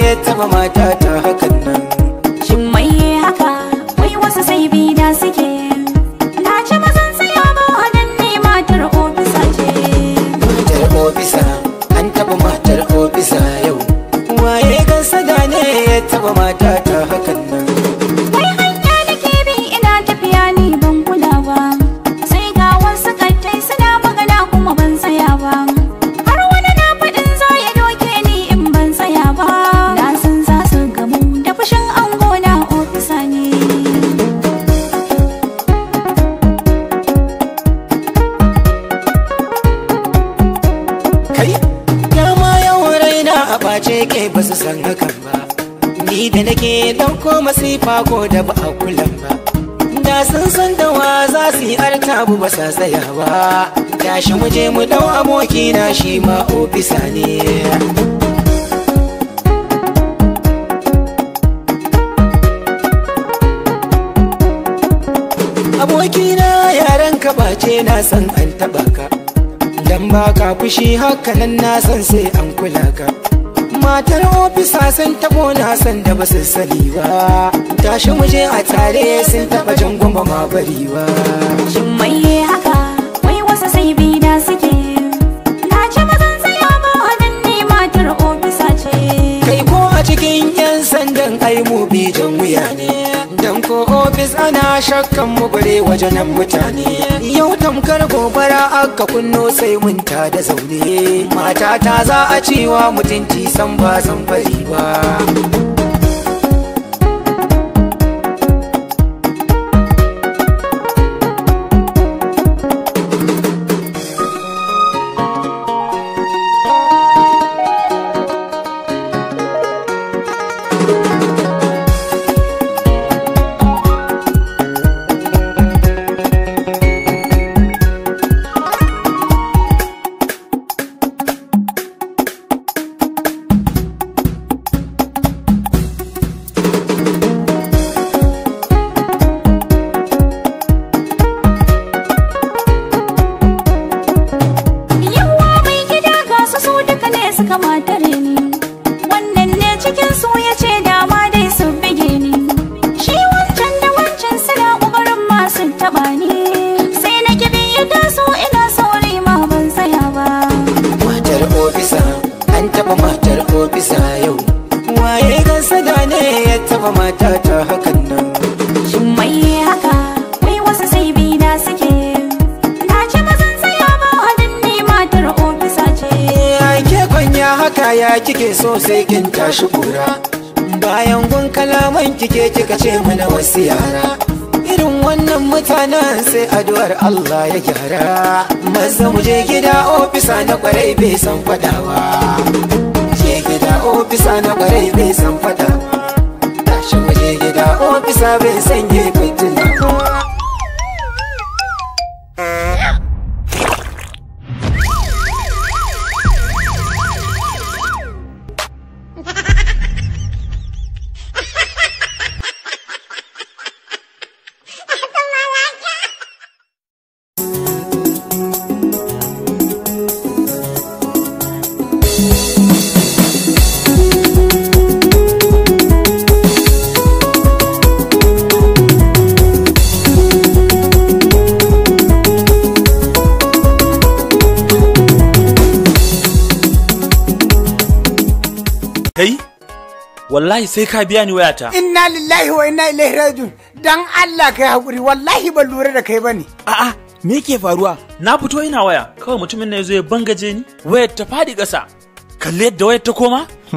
ya my mata take ke dauko masifa ko da ba a kula ba da sun san wa za su yi artabu ba sa tsaya ba shi mu je mu dau aboki na shi ma ofisa ne abokina yaran ka bace na san an taba ka dan ba ka fushi nan na san sai an kula ka matar ofisa sun tabo na san da basu sani ba tashi muje a tare sun taba jan goma ma bari ba na shakkan mu bare wajenan mutane yau tamkar gobara aka kunno sai munta da zaune matata za a cewa mutunci san ba san fari ba fa mata ta hakan nan shin mai haka wai wasu sai bi na suke na ce mazan tsaya ba wadan ne matar ofisa ce ke kwanya haka ya kike so sai kin tashi kura bayan gun kalaman kike kika ce mana wasu yara irin wannan mutanen sai addu'ar Allah ya gyara maza mu gida ofisa na kwarai bai san fadawa je gida ofisa na kwarai bai san fadawa bai sanye bai Kai? Wallahi sai ka biya ni wayata. Inna lillahi wa inna ilaihi raji'un. Dan Allah kai hakuri wallahi ban lura da kai bane. A'a, me yake faruwa? Na fito ina waya, kawai mutumin na yazo ya bangaje ni, wayar ta fadi ƙasa. Kalle yadda wayar ta koma?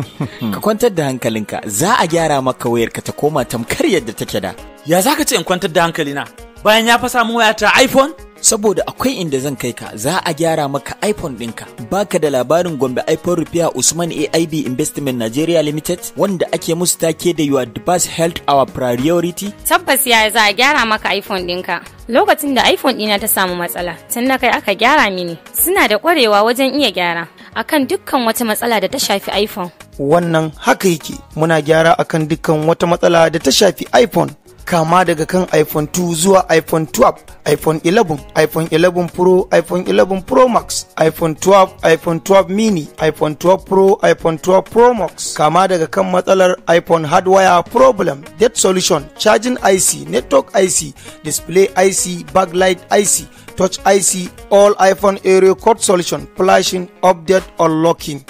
ka kwantar da hankalinka, za a gyara maka wayarka ta koma tamkar yadda take da. Ya zaka ce in kwantar da hankalina? Bayan ya fasa min wayata iPhone? saboda akwai inda zan kai ka za a gyara maka iphone ɗinka baka da labarin gombe iphone repair usman aib investment nigeria limited wanda ake musu take da your device health our priority tabbas ya za a gyara maka iphone ɗinka lokacin da iphone ɗina ta samu matsala tun na kai aka gyara mini suna da ƙwarewa wajen iya gyara akan dukkan wata matsala da ta shafi iphone wannan haka yake muna gyara akan dukkan wata matsala da ta shafi iphone kama daga kan iphone 2 zuwa iphone 12 iphone 11 iphone 11 pro iphone 11 pro max iphone 12 iphone 12 mini iphone 12 pro iphone 12 pro max kama daga kan matsalar iphone hardware problem dead solution charging ic network ic display ic backlight ic touch ic all iphone area code solution flashing update unlocking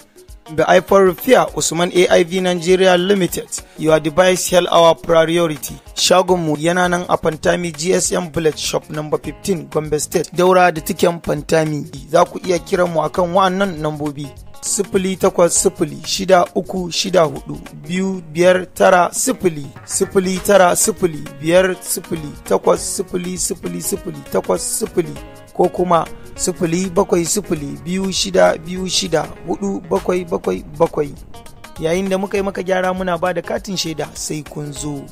Biafar Usman AIV Nigeria Limited, your device held our priority. Shagonmu yana nan a Fantami GSM Village Shop number 15 Gombe State, daura da tiken Fantami. Za ku iya kiran mu akan wa'annan nambobi sifili takwas sifili shida uku shida hudu biyu biyar tara sifili sifili tara sifili biyar sifili takwas sifili sifili sifili takwas sifili ko kuma sifili bakwai sifili biyu shida biyu shida hudu bakwai bakwai bakwai yayin da muka yi maka gyara muna ba da katin shaida sai kun zo.